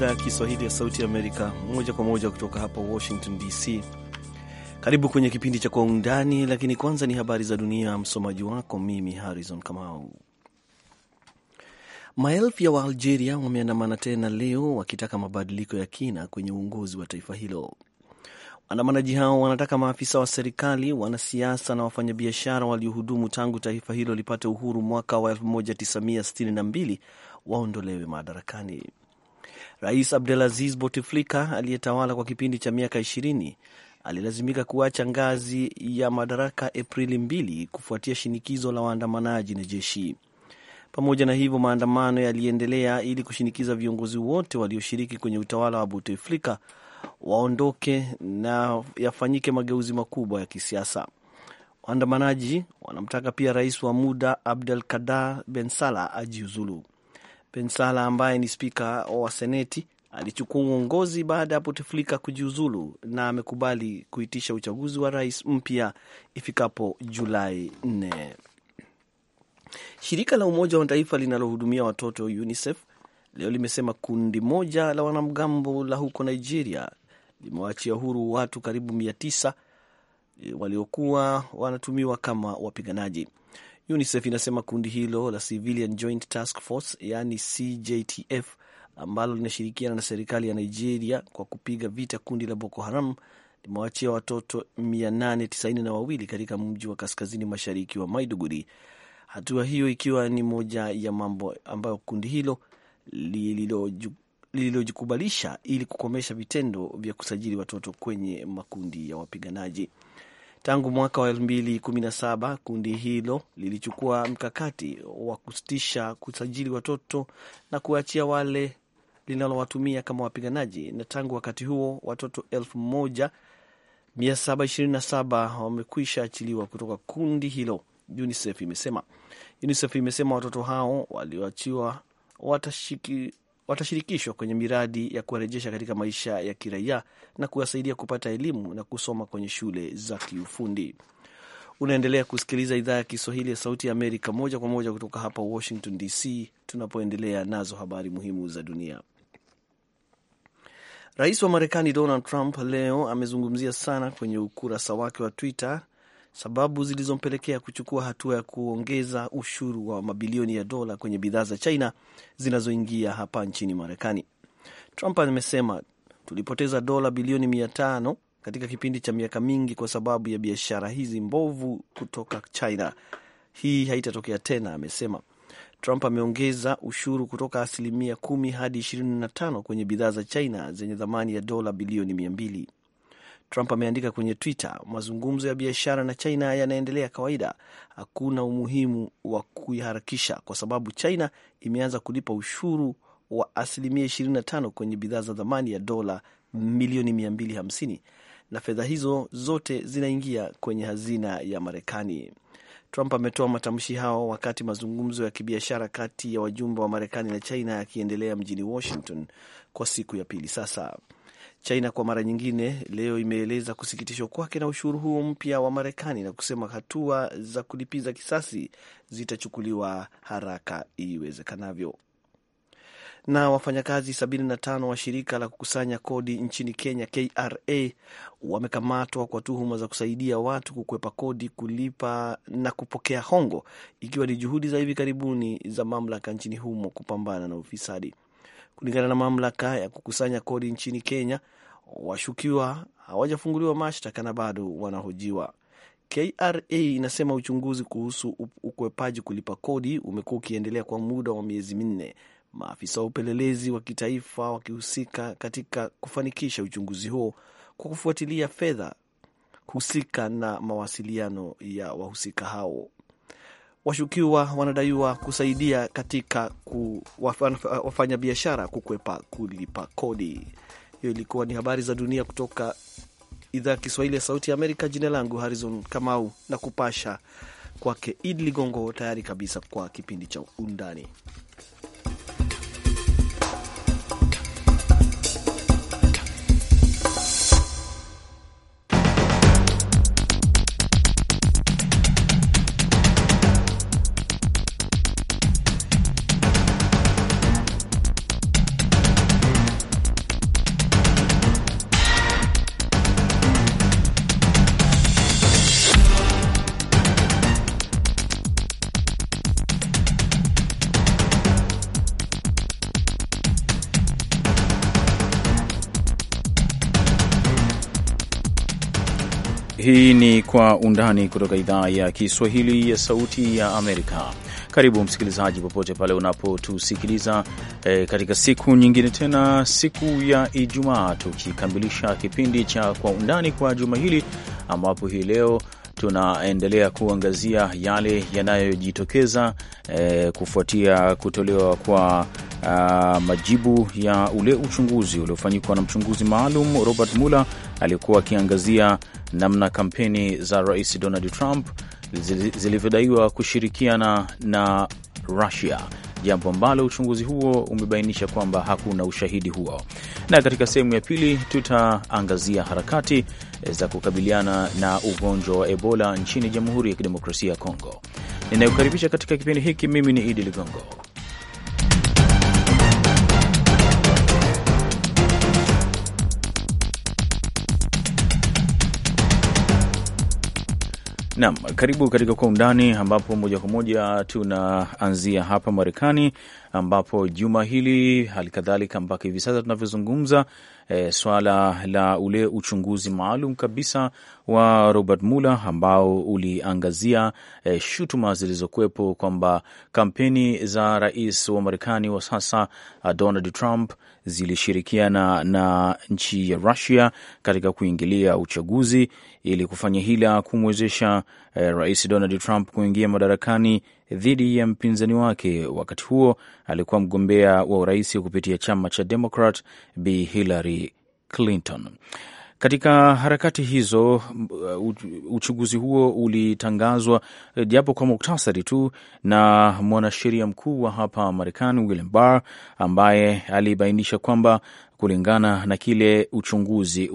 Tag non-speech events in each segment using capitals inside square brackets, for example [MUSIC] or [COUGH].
idhaa ya Kiswahili ya Sauti Amerika moja kwa moja kutoka hapa Washington DC. Karibu kwenye kipindi cha Kwa Undani, lakini kwanza ni habari za dunia. Msomaji wako mimi Harrison Kamau. Maelfu ya Waalgeria wameandamana tena leo wakitaka mabadiliko ya kina kwenye uongozi wa taifa hilo. Waandamanaji hao wanataka maafisa wa serikali, wanasiasa na wafanyabiashara waliohudumu tangu taifa hilo lipate uhuru mwaka wa 1962 waondolewe madarakani. Rais Abdelaziz Bouteflika aliyetawala kwa kipindi cha miaka ishirini alilazimika kuacha ngazi ya madaraka Aprili mbili kufuatia shinikizo la waandamanaji na jeshi. Pamoja na hivyo, maandamano yaliendelea ili kushinikiza viongozi wote walioshiriki kwenye utawala wa Bouteflika waondoke na yafanyike mageuzi makubwa ya kisiasa. Waandamanaji wanamtaka pia rais wa muda Abdel Kadar Ben Salah ajiuzulu. Pensala ambaye ni spika wa Seneti alichukua uongozi baada ya Bouteflika kujiuzulu na amekubali kuitisha uchaguzi wa rais mpya ifikapo Julai 4. Shirika la Umoja wa Mataifa linalohudumia watoto UNICEF leo limesema kundi moja la wanamgambo la huko Nigeria limewaachia huru watu karibu mia tisa eh, waliokuwa wanatumiwa kama wapiganaji. UNICEF inasema kundi hilo la Civilian Joint Task Force yaani CJTF ambalo linashirikiana na serikali ya Nigeria kwa kupiga vita kundi la Boko Haram limewachia watoto 892 katika mji wa kaskazini mashariki wa Maiduguri, hatua hiyo ikiwa ni moja ya mambo ambayo kundi hilo lililojikubalisha ili kukomesha vitendo vya kusajili watoto kwenye makundi ya wapiganaji. Tangu mwaka wa 2017 kundi hilo lilichukua mkakati wa kusitisha kusajili watoto na kuachia wale linalowatumia kama wapiganaji, na tangu wakati huo watoto 1727 wamekwisha achiliwa kutoka kundi hilo, UNICEF imesema. UNICEF imesema watoto hao walioachiwa watashirikishwa kwenye miradi ya kuwarejesha katika maisha ya kiraia na kuwasaidia kupata elimu na kusoma kwenye shule za kiufundi. Unaendelea kusikiliza idhaa ya Kiswahili ya Sauti ya Amerika moja kwa moja kutoka hapa Washington DC, tunapoendelea nazo habari muhimu za dunia. Rais wa Marekani Donald Trump leo amezungumzia sana kwenye ukurasa wake wa Twitter sababu zilizompelekea kuchukua hatua ya kuongeza ushuru wa mabilioni ya dola kwenye bidhaa za China zinazoingia hapa nchini Marekani. Trump amesema tulipoteza dola bilioni mia tano katika kipindi cha miaka mingi kwa sababu ya biashara hizi mbovu kutoka China. Hii haitatokea tena, amesema. Trump ameongeza ushuru kutoka asilimia kumi hadi ishirini tano kwenye bidhaa za China zenye thamani ya dola bilioni mia mbili. Trump ameandika kwenye Twitter, mazungumzo ya biashara na China yanaendelea kawaida, hakuna umuhimu wa kuiharakisha kwa sababu China imeanza kulipa ushuru wa asilimia 25 kwenye bidhaa za thamani ya dola milioni 250 na fedha hizo zote zinaingia kwenye hazina ya Marekani. Trump ametoa matamshi hao wakati mazungumzo ya kibiashara kati ya wajumbe wa Marekani na China yakiendelea mjini Washington kwa siku ya pili sasa. China kwa mara nyingine leo imeeleza kusikitishwa kwake na ushuru huo mpya wa Marekani na kusema hatua za kulipiza kisasi zitachukuliwa haraka iwezekanavyo. Na wafanyakazi 75 wa shirika la kukusanya kodi nchini Kenya, KRA, wamekamatwa kwa tuhuma za kusaidia watu kukwepa kodi, kulipa na kupokea hongo, ikiwa ni juhudi za hivi karibuni za mamlaka nchini humo kupambana na ufisadi. Kulingana na mamlaka ya kukusanya kodi nchini Kenya, washukiwa hawajafunguliwa mashtaka na bado wanahojiwa. KRA inasema uchunguzi kuhusu ukwepaji kulipa kodi umekuwa ukiendelea kwa muda wa miezi minne, maafisa wa upelelezi wa kitaifa wakihusika katika kufanikisha uchunguzi huo kwa kufuatilia fedha husika na mawasiliano ya wahusika hao washukiwa wanadaiwa kusaidia katika kuwafanya biashara kukwepa kulipa kodi. Hiyo ilikuwa ni habari za dunia kutoka idhaa ya Kiswahili ya Sauti ya Amerika. Jina langu Harizon Kamau na kupasha kwake Id Ligongo, tayari kabisa kwa kipindi cha Undani. Kwa Undani kutoka idhaa ya Kiswahili ya Sauti ya Amerika. Karibu msikilizaji, popote pale unapotusikiliza e, katika siku nyingine tena, siku ya Ijumaa, tukikamilisha kipindi cha Kwa Undani kwa juma hili, ambapo hii leo tunaendelea kuangazia yale yanayojitokeza e, kufuatia kutolewa kwa a, ah, majibu ya ule uchunguzi uliofanyikwa na mchunguzi maalum Robert Mueller alikuwa akiangazia namna kampeni za Rais Donald Trump zilivyodaiwa kushirikiana na Russia, jambo ambalo uchunguzi huo umebainisha kwamba hakuna ushahidi huo. Na katika sehemu ya pili tutaangazia harakati za kukabiliana na ugonjwa wa Ebola nchini Jamhuri ya Kidemokrasia ya Kongo. Ninayokaribisha katika kipindi hiki, mimi ni Idi Ligongo. Naam, karibu katika Kwa Undani, ambapo moja kwa moja tunaanzia hapa Marekani ambapo juma hili halikadhalika mpaka hivi sasa tunavyozungumza, e, swala la ule uchunguzi maalum kabisa wa Robert Mueller ambao uliangazia e, shutuma zilizokuwepo kwamba kampeni za rais wa Marekani wa sasa eh, Donald Trump zilishirikiana na, na nchi ya Russia katika kuingilia uchaguzi ili kufanya hila kumwezesha e, rais Donald Trump kuingia madarakani dhidi ya mpinzani wake wakati huo alikuwa mgombea wa urais kupitia chama cha Democrat Bi Hillary Clinton. Katika harakati hizo, uh, uchunguzi huo ulitangazwa eh, japo kwa muktasari tu na mwanasheria mkuu wa hapa Marekani William Barr, ambaye alibainisha kwamba kulingana na kile uchunguzi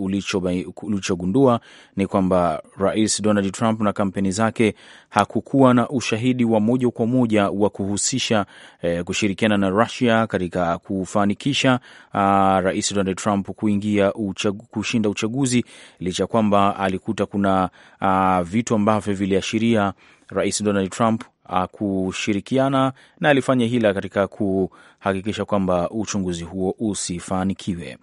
ulichogundua ni kwamba Rais Donald Trump na kampeni zake hakukuwa na ushahidi wa moja kwa moja wa kuhusisha eh, kushirikiana na Russia katika kufanikisha ah, Rais Donald Trump kuingia uchag, kushinda uchaguzi licha kwamba alikuta kuna ah, vitu ambavyo viliashiria Rais Donald Trump Uh, kushirikiana na alifanya hila katika kuhakikisha kwamba uchunguzi huo usifanikiwe.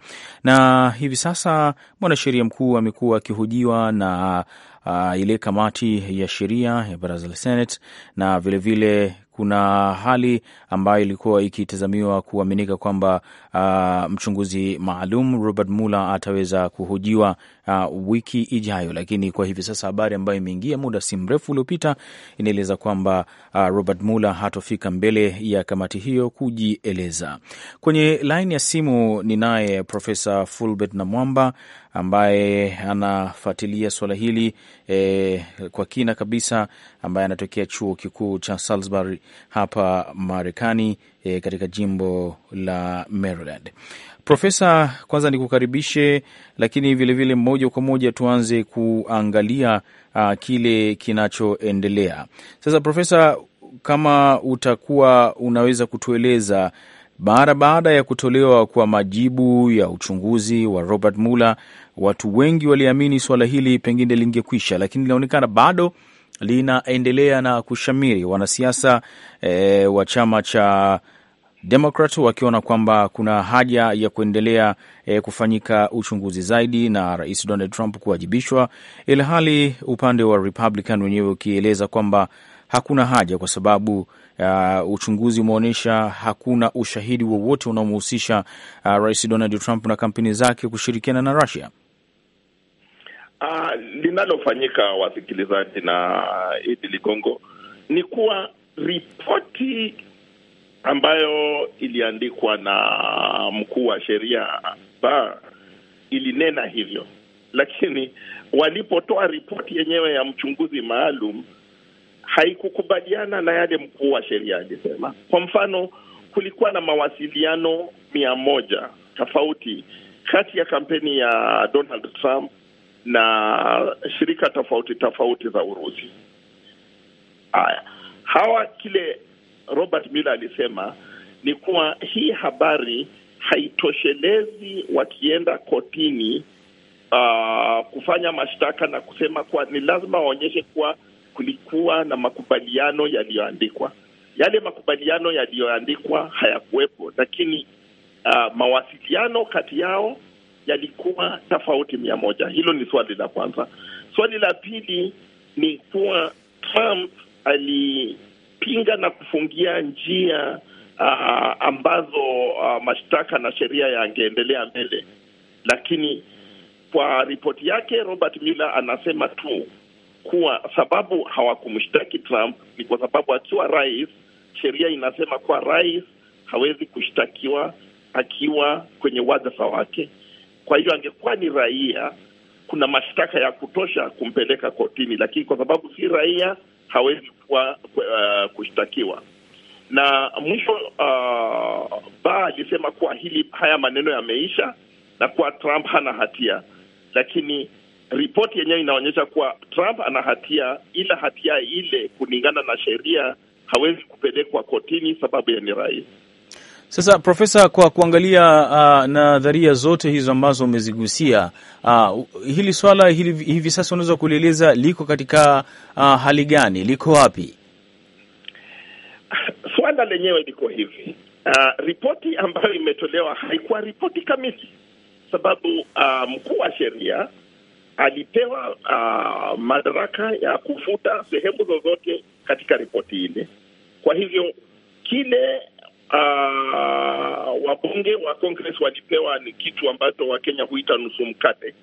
Na hivi sasa mwanasheria mkuu amekuwa akihojiwa na Uh, ile kamati ya sheria ya baraza la Senate na vilevile kuna hali ambayo ilikuwa ikitazamiwa kuaminika kwamba uh, mchunguzi maalum Robert Mueller ataweza kuhojiwa uh, wiki ijayo, lakini kwa hivi sasa habari ambayo imeingia muda si mrefu uliopita inaeleza kwamba uh, Robert Mueller hatofika mbele ya kamati hiyo kujieleza. Kwenye laini ya simu ninaye Profesa Fulbert Namwamba ambaye anafuatilia suala hili e, kwa kina kabisa, ambaye anatokea chuo kikuu cha Salisbury hapa Marekani, e, katika jimbo la Maryland. Profesa, kwanza nikukaribishe, lakini vilevile moja kwa moja tuanze kuangalia a, kile kinachoendelea sasa. Profesa, kama utakuwa unaweza kutueleza mara baada ya kutolewa kwa majibu ya uchunguzi wa Robert Mueller Watu wengi waliamini suala hili pengine lingekwisha, lakini linaonekana bado linaendelea na kushamiri. Wanasiasa e, wa chama cha demokrat wakiona kwamba kuna haja ya kuendelea e, kufanyika uchunguzi zaidi na Rais Donald Trump kuwajibishwa, ili hali upande wa Republican wenyewe ukieleza kwamba hakuna haja kwa sababu uh, uchunguzi umeonyesha hakuna ushahidi wowote unaomhusisha uh, Rais Donald Trump na kampeni zake kushirikiana na Russia. Uh, linalofanyika wasikilizaji na ah, Idi Ligongo ni kuwa ripoti ambayo iliandikwa na mkuu wa sheria ba ilinena hivyo, lakini walipotoa ripoti yenyewe ya mchunguzi maalum haikukubaliana na yale mkuu wa sheria alisema. Kwa mfano, kulikuwa na mawasiliano mia moja tofauti kati ya kampeni ya Donald Trump na shirika tofauti tofauti za Urusi. Haya, hawa kile Robert Miller alisema ni kuwa hii habari haitoshelezi wakienda kotini uh, kufanya mashtaka na kusema kuwa ni lazima waonyeshe kuwa kulikuwa na makubaliano yaliyoandikwa. Yale makubaliano yaliyoandikwa hayakuwepo, lakini uh, mawasiliano kati yao yalikuwa tofauti mia moja. Hilo ni swali la kwanza. Swali la pili ni kuwa Trump alipinga na kufungia njia uh, ambazo uh, mashtaka na sheria yangeendelea mbele, lakini kwa ripoti yake Robert Mueller anasema tu kuwa sababu hawakumshtaki Trump ni kwa sababu akiwa rais, sheria inasema kuwa rais hawezi kushtakiwa akiwa kwenye wadhifa wake. Kwa hiyo angekuwa ni raia, kuna mashtaka ya kutosha kumpeleka kotini, lakini kwa sababu si raia hawezi kuwa uh, kushtakiwa. Na mwisho uh, Ba alisema kuwa hili haya maneno yameisha na kuwa Trump hana hatia, lakini ripoti yenyewe inaonyesha kuwa Trump ana hatia, ila hatia ile kulingana na sheria hawezi kupelekwa kotini sababu ya ni rais. Sasa Profesa, kwa kuangalia uh, nadharia zote hizo ambazo umezigusia uh, hili swala hili, hivi sasa unaweza kulieleza liko katika uh, hali gani? Liko wapi [LAUGHS] swala lenyewe? Liko hivi uh, ripoti ambayo imetolewa haikuwa ripoti kamili, sababu uh, mkuu wa sheria alipewa uh, madaraka ya kufuta sehemu zozote katika ripoti ile. Kwa hivyo kile uh, wabunge wa Congress walipewa ni kitu ambacho Wakenya huita nusu mkate.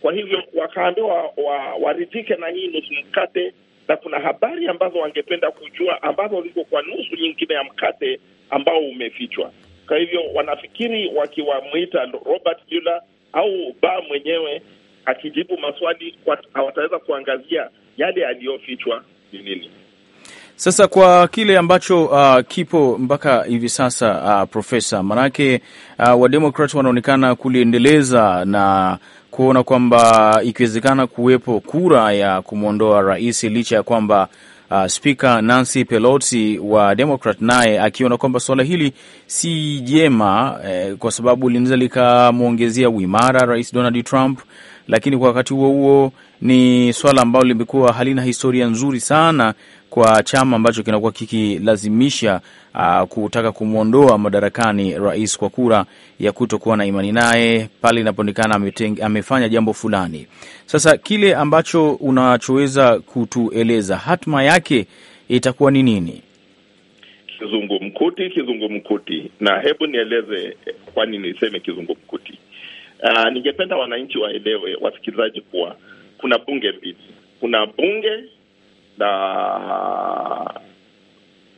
Kwa hivyo wakaambiwa wa, waridhike na hii nusu mkate, na kuna habari ambazo wangependa kujua ambazo ziko kwa nusu nyingine ya mkate ambao umefichwa. Kwa hivyo wanafikiri wakiwamwita Robert Mueller au ba mwenyewe akijibu maswali awataweza kuangazia yale yaliyofichwa ni nini. Sasa kwa kile ambacho uh, kipo mpaka hivi sasa uh, profesa, manake uh, wademokrat wanaonekana kuliendeleza na kuona kwamba ikiwezekana kuwepo kura ya kumwondoa rais, licha ya kwamba uh, spika Nancy Pelosi wa demokrat naye akiona kwamba suala hili si jema eh, kwa sababu linaweza likamwongezea uimara rais Donald Trump, lakini kwa wakati huo huo ni swala ambalo limekuwa halina historia nzuri sana kwa chama ambacho kinakuwa kikilazimisha uh, kutaka kumwondoa madarakani rais kwa kura ya kutokuwa na imani naye pale inapoonekana amefanya jambo fulani. Sasa kile ambacho unachoweza kutueleza hatma yake itakuwa ni nini? Kizungumkuti, kizungumkuti. Na hebu nieleze, eh, kwani niseme kizungumkuti? Uh, ningependa wananchi waelewe, wasikilizaji, kuwa kuna bunge mbili, kuna bunge na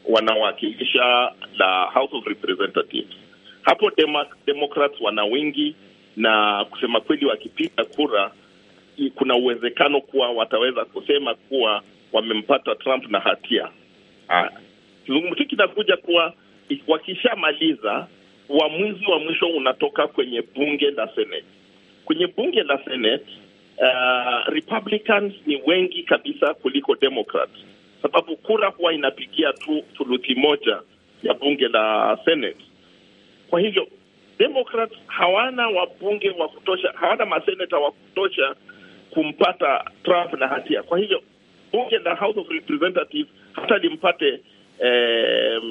wanawakilisha la House of Representatives. Hapo Demo Democrats wana wingi, na kusema kweli, wakipiga kura, kuna uwezekano kuwa wataweza kusema kuwa wamempata Trump na hatia. Ah, Kizungumzi kinakuja kuwa wakishamaliza, uamuzi wa mwisho unatoka kwenye bunge la Senate. Kwenye bunge la Senate Uh, Republicans ni wengi kabisa kuliko Democrats, sababu kura huwa inapigia tu thuluthi moja ya bunge la Senate. Kwa hivyo Democrats hawana wabunge wa kutosha, hawana maseneta wa kutosha kumpata Trump na hatia. Kwa hivyo bunge la House of Representatives hata limpate eh,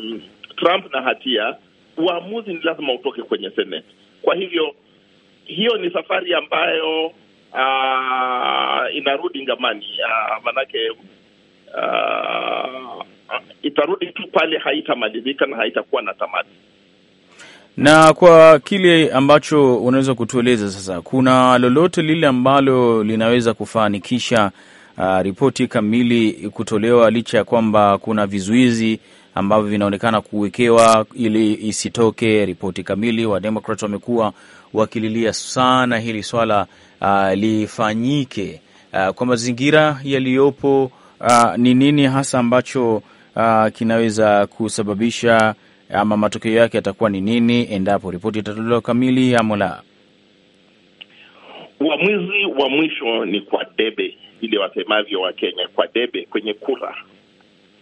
Trump na hatia, uamuzi ni lazima utoke kwenye Senate. Kwa hivyo hiyo ni safari ambayo uh, inarudi ngamani uh, manake uh, itarudi tu pale, haitamalizika na haitakuwa na tamati. Na kwa kile ambacho unaweza kutueleza sasa, kuna lolote lile ambalo linaweza kufanikisha uh, ripoti kamili kutolewa, licha ya kwamba kuna vizuizi ambavyo vinaonekana kuwekewa ili isitoke ripoti kamili. Wademokrat wamekuwa wakililia sana hili swala uh, lifanyike uh, kwa mazingira yaliyopo uh, ni nini hasa ambacho uh, kinaweza kusababisha ama matokeo yake yatakuwa ni nini endapo ripoti itatolewa kamili ama la? Uamuzi wa mwisho ni kwa debe, vile wasemavyo wa Kenya, kwa debe kwenye kura.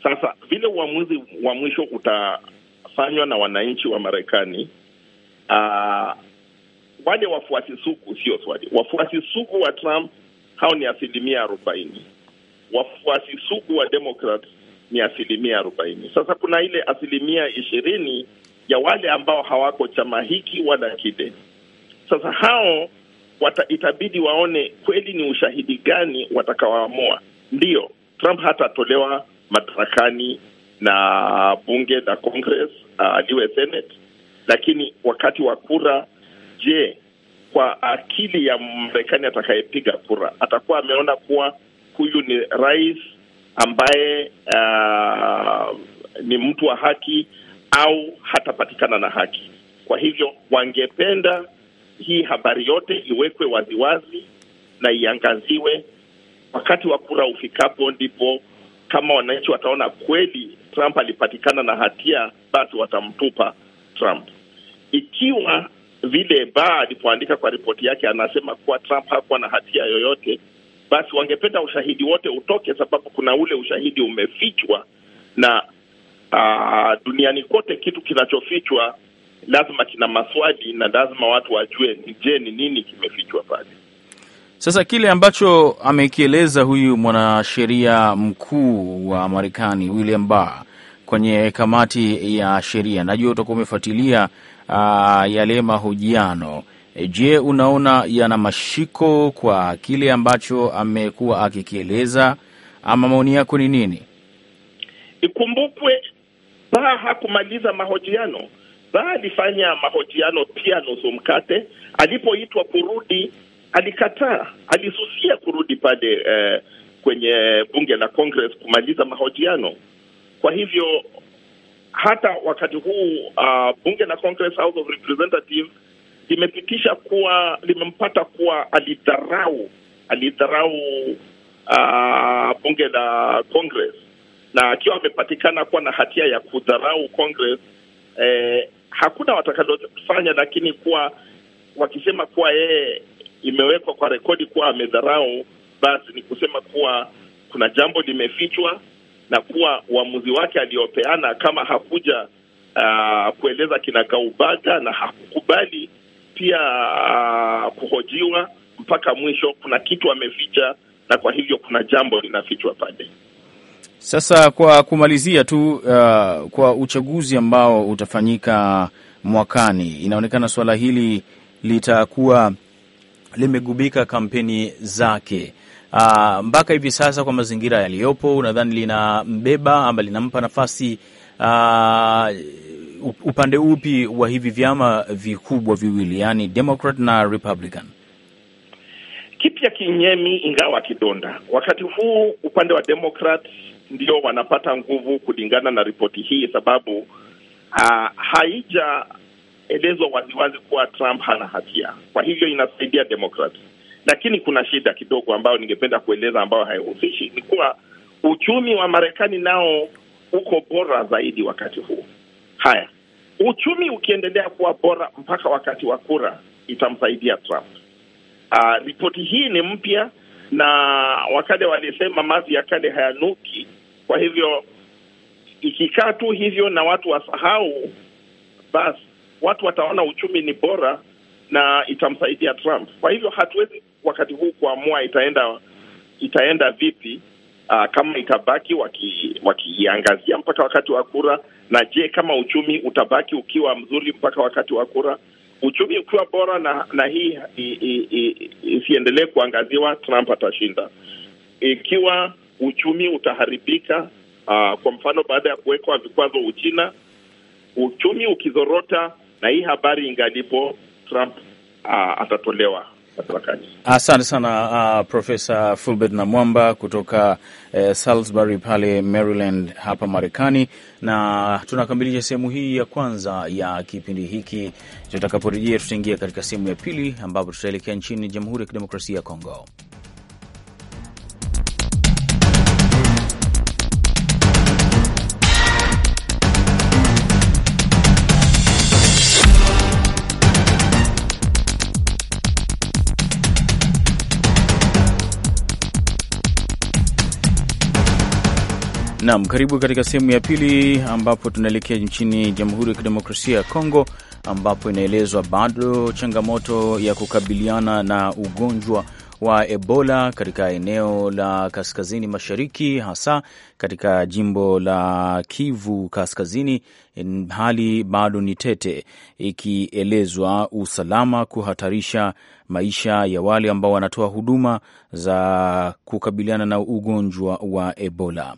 Sasa vile uamuzi wa mwisho utafanywa na wananchi wa Marekani, uh, wale wafuasi sugu, sio swali, wafuasi sugu wa Trump hao ni asilimia arobaini, wafuasi sugu wa Democrat ni asilimia arobaini. Sasa kuna ile asilimia ishirini ya wale ambao hawako chama hiki wala kile. Sasa hao wata, itabidi waone kweli ni ushahidi gani watakaoamua. ndio Trump hatatolewa madarakani na bunge la Congress, aliwe uh, Senate, lakini wakati wa kura Je, kwa akili ya Marekani atakayepiga kura atakuwa ameona kuwa huyu ni rais ambaye uh, ni mtu wa haki au hatapatikana na haki? Kwa hivyo wangependa hii habari yote iwekwe waziwazi na iangaziwe wakati wa kura ufikapo, ndipo kama wananchi wataona kweli Trump alipatikana na hatia, basi watamtupa Trump. Ikiwa vile ba alipoandika kwa ripoti yake, anasema kuwa Trump hakuwa na hatia yoyote, basi wangependa ushahidi wote utoke, sababu kuna ule ushahidi umefichwa na aa, ah, duniani kote kitu kinachofichwa lazima kina maswali na lazima watu wajue, je, ni nini kimefichwa pale. Sasa kile ambacho amekieleza huyu mwanasheria mkuu wa Marekani William Barr kwenye kamati ya sheria, najua utakuwa umefuatilia Ah, yale mahojiano e, je, unaona yana mashiko kwa kile ambacho amekuwa akikieleza ama maoni yako ni nini? Ikumbukwe Baa hakumaliza mahojiano. baa alifanya mahojiano pia nusu mkate. Alipoitwa kurudi, alikataa, alisusia kurudi pale eh, kwenye bunge la Congress kumaliza mahojiano. Kwa hivyo hata wakati huu uh, bunge la Congress House of Representatives limepitisha kuwa limempata kuwa alidharau alidharau uh, bunge la Congress na akiwa amepatikana kuwa na hatia ya kudharau Congress eh, hakuna watakalofanya, lakini kuwa wakisema kuwa yeye imewekwa kwa rekodi kuwa amedharau, basi ni kusema kuwa kuna jambo limefichwa na kuwa uamuzi wake aliyopeana kama hakuja uh, kueleza kinagaubaga na hakukubali pia uh, kuhojiwa mpaka mwisho, kuna kitu ameficha, na kwa hivyo kuna jambo linafichwa pale. Sasa kwa kumalizia tu, uh, kwa uchaguzi ambao utafanyika mwakani, inaonekana suala hili litakuwa limegubika kampeni zake uh, mpaka hivi sasa kwa mazingira yaliyopo, unadhani linambeba ama linampa nafasi uh, upande upi wa hivi vyama vikubwa viwili, yani Democrat na Republican? Kipya kinyemi, ingawa kidonda. Wakati huu upande wa Democrat ndio wanapata nguvu kulingana na ripoti hii, sababu uh, ah, haijaelezwa waziwazi kuwa Trump hana hatia, kwa hivyo inasaidia Democrats. Lakini kuna shida kidogo ambayo ningependa kueleza, ambayo haihusishi, ni kuwa uchumi wa Marekani nao uko bora zaidi wakati huu. Haya, uchumi ukiendelea kuwa bora mpaka wakati wa kura itamsaidia Trump. Uh, ripoti hii ni mpya na wakale walisema mazi ya kale hayanuki. Kwa hivyo ikikaa tu hivyo na watu wasahau, basi watu wataona uchumi ni bora na itamsaidia Trump. Kwa hivyo hatuwezi wakati huu kuamua itaenda itaenda vipi, uh, kama itabaki wakiiangazia waki mpaka wakati wa kura, na je, kama uchumi utabaki ukiwa mzuri mpaka wakati wa kura, uchumi ukiwa bora na na hii isiendelee kuangaziwa, Trump atashinda. Ikiwa uchumi utaharibika, uh, kwa mfano baada ya kuwekwa vikwazo Uchina, uchumi ukizorota na hii habari ingalipo, Trump uh, atatolewa Asante sana uh, Profesa Fulbert Namwamba kutoka uh, Salisbury pale Maryland hapa Marekani, na tunakamilisha sehemu hii ya kwanza ya kipindi hiki. Tutakaporejea tutaingia katika sehemu ya pili ambapo tutaelekea nchini Jamhuri ya Kidemokrasia ya Kongo. Naam, karibu katika sehemu ya pili ambapo tunaelekea nchini Jamhuri ya Kidemokrasia ya Kongo ambapo inaelezwa bado changamoto ya kukabiliana na ugonjwa wa Ebola katika eneo la kaskazini mashariki, hasa katika jimbo la Kivu Kaskazini, hali bado ni tete, ikielezwa usalama kuhatarisha maisha ya wale ambao wanatoa huduma za kukabiliana na ugonjwa wa Ebola.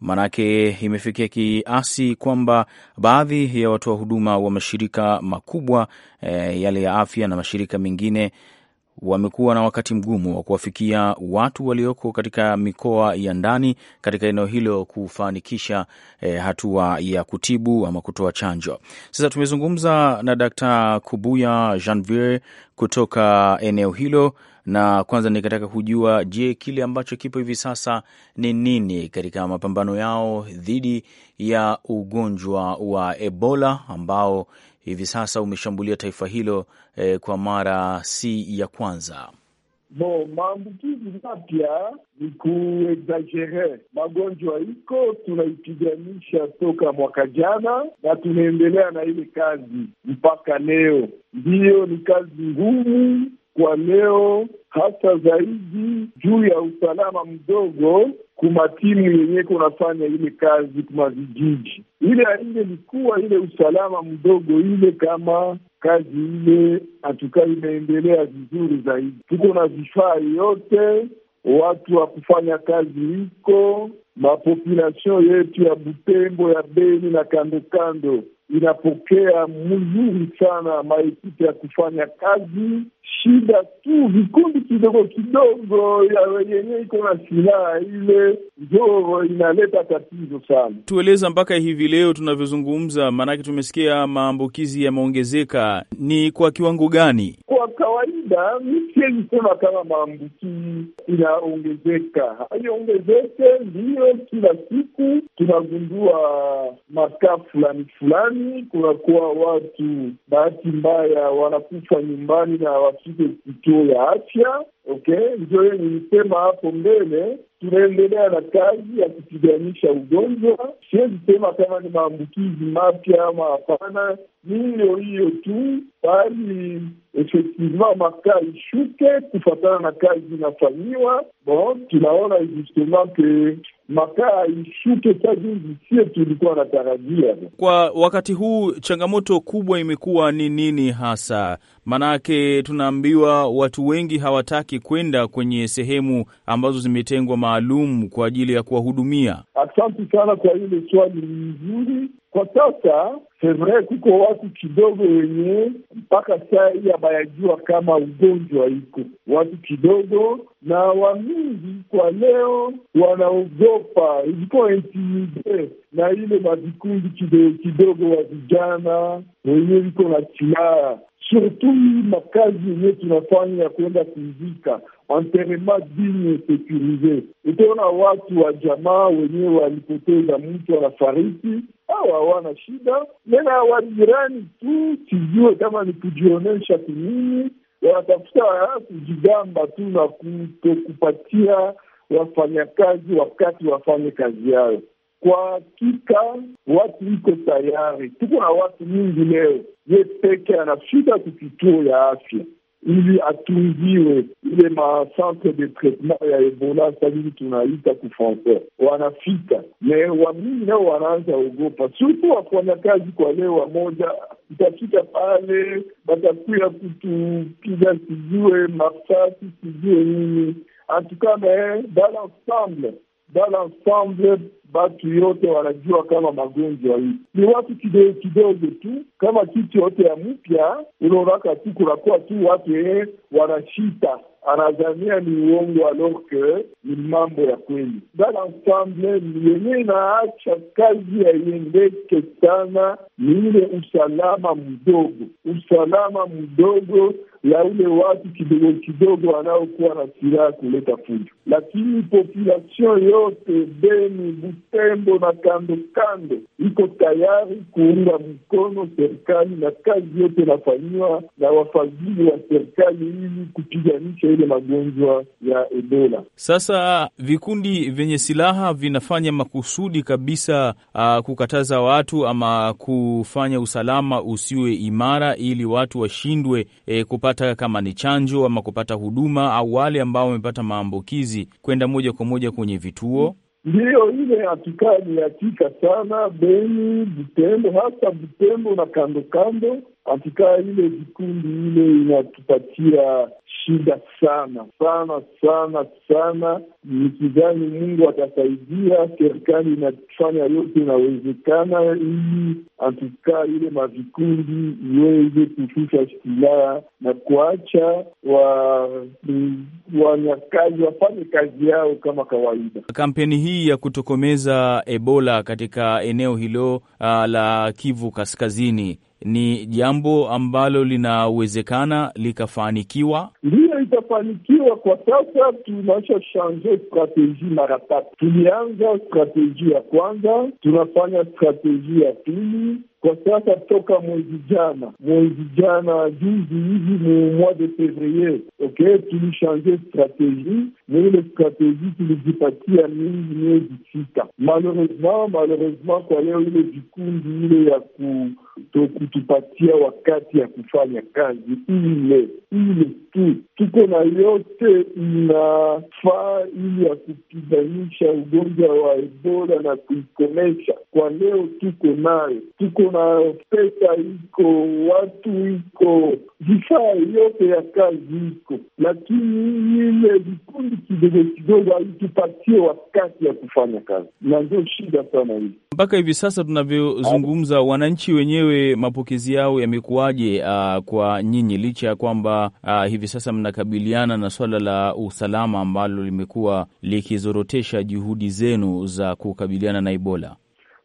Manake imefikia kiasi kwamba baadhi ya watoa huduma wa mashirika makubwa e, yale ya afya na mashirika mengine wamekuwa na wakati mgumu wa kuwafikia watu walioko katika mikoa ya ndani katika eneo hilo kufanikisha e, hatua ya kutibu ama kutoa chanjo. Sasa tumezungumza na Dr. Kubuya Janvier kutoka eneo hilo, na kwanza nikataka kujua, je, kile ambacho kipo hivi sasa ni nini katika mapambano yao dhidi ya ugonjwa wa Ebola ambao hivi sasa umeshambulia taifa hilo e, kwa mara si ya kwanza. No, maambukizi mapya ni kuexagere. Magonjwa iko tunaipiganisha toka mwaka jana, na tunaendelea na ile kazi mpaka leo. Ndiyo, ni kazi ngumu kwa leo, hasa zaidi juu ya usalama mdogo kuma timu yenye kunafanya ile kazi kuma vijiji, ile aingelikuwa ile usalama mdogo ile kama kazi ile hatukaa imeendelea vizuri zaidi. Tuko na vifaa yote watu wa kufanya kazi iko mapopulation yetu ya Butembo ya Beni na kando kando inapokea mzuri sana maekiti ya kufanya kazi shida tu vikundi kidogo kidogo wenyewe iko na silaha ile ndio inaleta tatizo sana. Tueleza mpaka hivi leo tunavyozungumza, maanake tumesikia maambukizi yameongezeka, ni kwa kiwango gani? Kwa kawaida mi siwezi sema kama maambukizi inaongezeka, haiongezeke. Ndiyo, kila siku tunagundua makaa fulani fulani, kunakuwa watu bahati mbaya wanakufa nyumbani na wafike kituo ya afya. Okay, ndio hiyo nilisema hapo mbele, tunaendelea na kazi ya kupiganisha ugonjwa. Siwezi sema kama ni maambukizi mapya ama hapana, ni hiyo hiyo tu, bali effectivement maka ishuke kufatana na kazi inafanyiwa. Bon, tunaona justement ke makaa ishuke tajiri, sio tulikuwa natarajia. Kwa wakati huu changamoto kubwa imekuwa ni nini hasa? Maanake tunaambiwa watu wengi hawataki kwenda kwenye sehemu ambazo zimetengwa maalum kwa ajili ya kuwahudumia. Asante sana kwa hili swali nzuri. Kwa sasa sevre kuko watu kidogo wenye mpaka sai abayajua kama ugonjwa iko watu kidogo, na wamingi kwa leo wanaogopa, ilikuwa intimide na ile mavikundi kidogo kidogo wa vijana wenye viko na silaha surtout makazi yenye tunafanya ya kuenda kuzika anterema digne sekurize, utaona watu wa jamaa wenyewe walipoteza mtu anafariki sawa, hawana shida, mena wajirani tu, sijue kama ni kujionyesha kunini, wanatafuta kujigamba tu na kutokupatia wafanyakazi wakati wafanye kazi yao. Kwa hakika watu iko tayari, tuko na watu mingi leo, ye peke ana shida kukituo ya afya ili atungiwe ile macentre de traitement ya Ebola sajili tunaita kufonse wanafika me wamini nao wanaanza ogopa, surtu wafanyakazi kwa leo wamoja, itafika pale batakuya kutupiga sijue masasi sijue nini antukame dans dans l'ensemble batu yote wanajua kama magonjwa hii ni watu kidogo kidogo tu, kama kitu yote ya mpya unaonaka tu kunakuwa tu watu ee eh, wanashita anazania ni uongo aloke ni mambo ya kweli. Dans l'ensemble ni yenye inaacha kazi yaiendeke sana ni ile usalama mdogo, usalama mdogo ya ule watu kidogo kidogo wanaokuwa na silaha kuleta fujo, lakini population yote Beni, Butembo na kando kando iko tayari kuunga mkono serikali na kazi yote inafanyiwa na wafadhili wa serikali ili kupiganisha ile magonjwa ya Ebola. Sasa vikundi vyenye silaha vinafanya makusudi kabisa, uh, kukataza watu ama kufanya usalama usiwe imara ili watu washindwe eh, kupata kupata kama ni chanjo ama kupata huduma, au wale ambao wamepata maambukizi kwenda moja kwa moja kwenye vituo? Ndiyo, ile hatukaa ni hakika sana Beni, Butembo, hasa Butembo na kando kando katika ile vikundi ile inatupatia shida sana sana sana sana. Nikidhani Mungu atasaidia, serikali inafanya yote inawezekana, ili antukaa ile mavikundi iweze kushusha silaha na kuacha wanyakazi wafanye kazi yao kama kawaida. Kampeni hii ya kutokomeza Ebola katika eneo hilo uh, la Kivu Kaskazini ni jambo ambalo linawezekana likafanikiwa? Ndiyo, itafanikiwa. Kwa sasa tunaisha shange strateji mara tatu. Tulianza strateji ya kwanza, tunafanya strateji ya pili kwa sasa toka mwezi jana, mwezi jana juzi hivi mu mois de fevrier, ok, tulishange strategie na ile strategie tulijipatia mingi miezi sita. Malheureusement, malheureusement kwa leo ile vikundi ile ya kutupatia wakati ya kufanya kazi ile ile tu tuko na yote inafaa ili ya kupiganisha ugonjwa wa Ebola na kuikomesha. Kwa leo tuko nayo tuko kuna pesa iko, watu iko, vifaa yote ya kazi iko, lakini ile vikundi kidogo kidogo haitupatie wakati ya kufanya kazi, na ndio shida sana hii mpaka hivi sasa tunavyozungumza. Wananchi wenyewe mapokezi yao yamekuwaje? Uh, kwa nyinyi licha ya kwamba uh, hivi sasa mnakabiliana na swala la usalama ambalo limekuwa likizorotesha juhudi zenu za kukabiliana na Ebola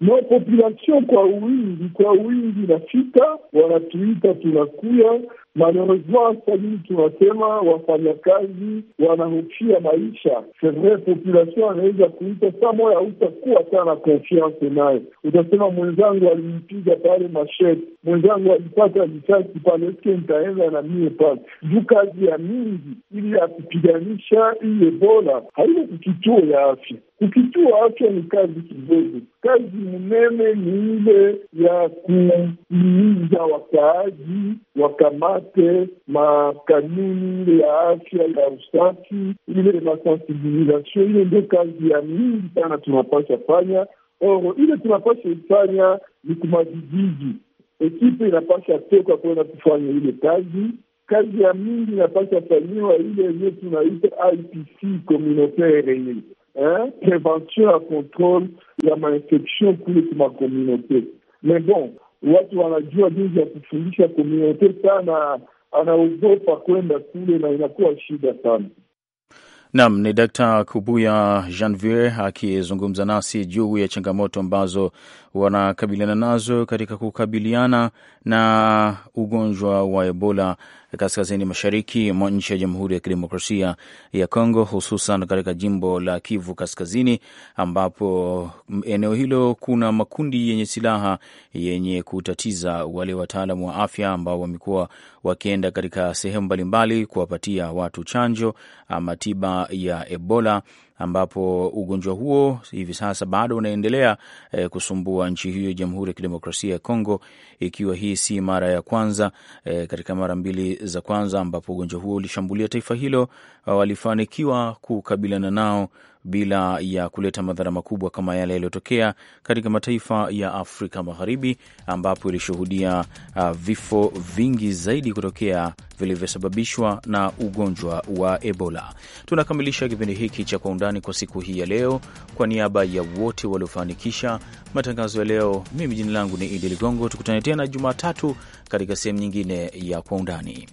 na population kwa wingi kwa wingi nafika, wanatuita tunakuya. Malheureusement sajini tunasema wafanyakazi wanahofia maisha. C'est vrai, population anaweza kuita saa moya, hautakuwa sana konfiance naye, utasema mwenzangu alimpiga pale mashete, mwenzangu alipata risasi pale, eske nitaenda na mie pale juu. Kazi ya mingi ili ya kupiganisha hii Ebola haiko kukituo ya afya kukitua afya ni kazi kidogo, kazi mnene ni ile ya kuhimiza wakaaji wakamate makanuni ile ya afya ya usafi, ile na sensibilisation. Ile ndio kazi ya mingi sana tunapasha fanya. Oro ile tunapasha ifanya ni kumavijiji, ekipe inapasha toka kwenda kufanya ile kazi kazi ya mingi inapasha fanyiwa ile yenyewe tunaita IPC communautaire ile hein, prévention ya contrôle ya mainfection kule communauté mais bon, watu wanajua jinsi ya kufundisha komunote sana, anaogopa kwenda kule na inakuwa shida sana. Nam ni Dkt. Kubuya Janvier akizungumza nasi juu ya changamoto ambazo wanakabiliana nazo katika kukabiliana na ugonjwa wa Ebola kaskazini mashariki mwa nchi ya Jamhuri ya Kidemokrasia ya Kongo, hususan katika jimbo la Kivu Kaskazini, ambapo eneo hilo kuna makundi yenye silaha yenye kutatiza wale wataalamu wa afya ambao wamekuwa wakienda katika sehemu mbalimbali kuwapatia watu chanjo ama tiba ya Ebola ambapo ugonjwa huo hivi sasa bado unaendelea e, kusumbua nchi hiyo, Jamhuri ya Kidemokrasia ya Kongo, ikiwa hii si mara ya kwanza e, katika mara mbili za kwanza ambapo ugonjwa huo ulishambulia taifa hilo walifanikiwa kukabiliana nao bila ya kuleta madhara makubwa kama yale yaliyotokea katika mataifa ya Afrika Magharibi, ambapo ilishuhudia uh, vifo vingi zaidi kutokea vilivyosababishwa na ugonjwa wa Ebola. Tunakamilisha kipindi hiki cha Kwa Undani kwa siku hii ya leo. Kwa niaba ya wote waliofanikisha matangazo ya leo, mimi jina langu ni Idi Ligongo. Tukutane tena Jumatatu katika sehemu nyingine ya Kwa Undani.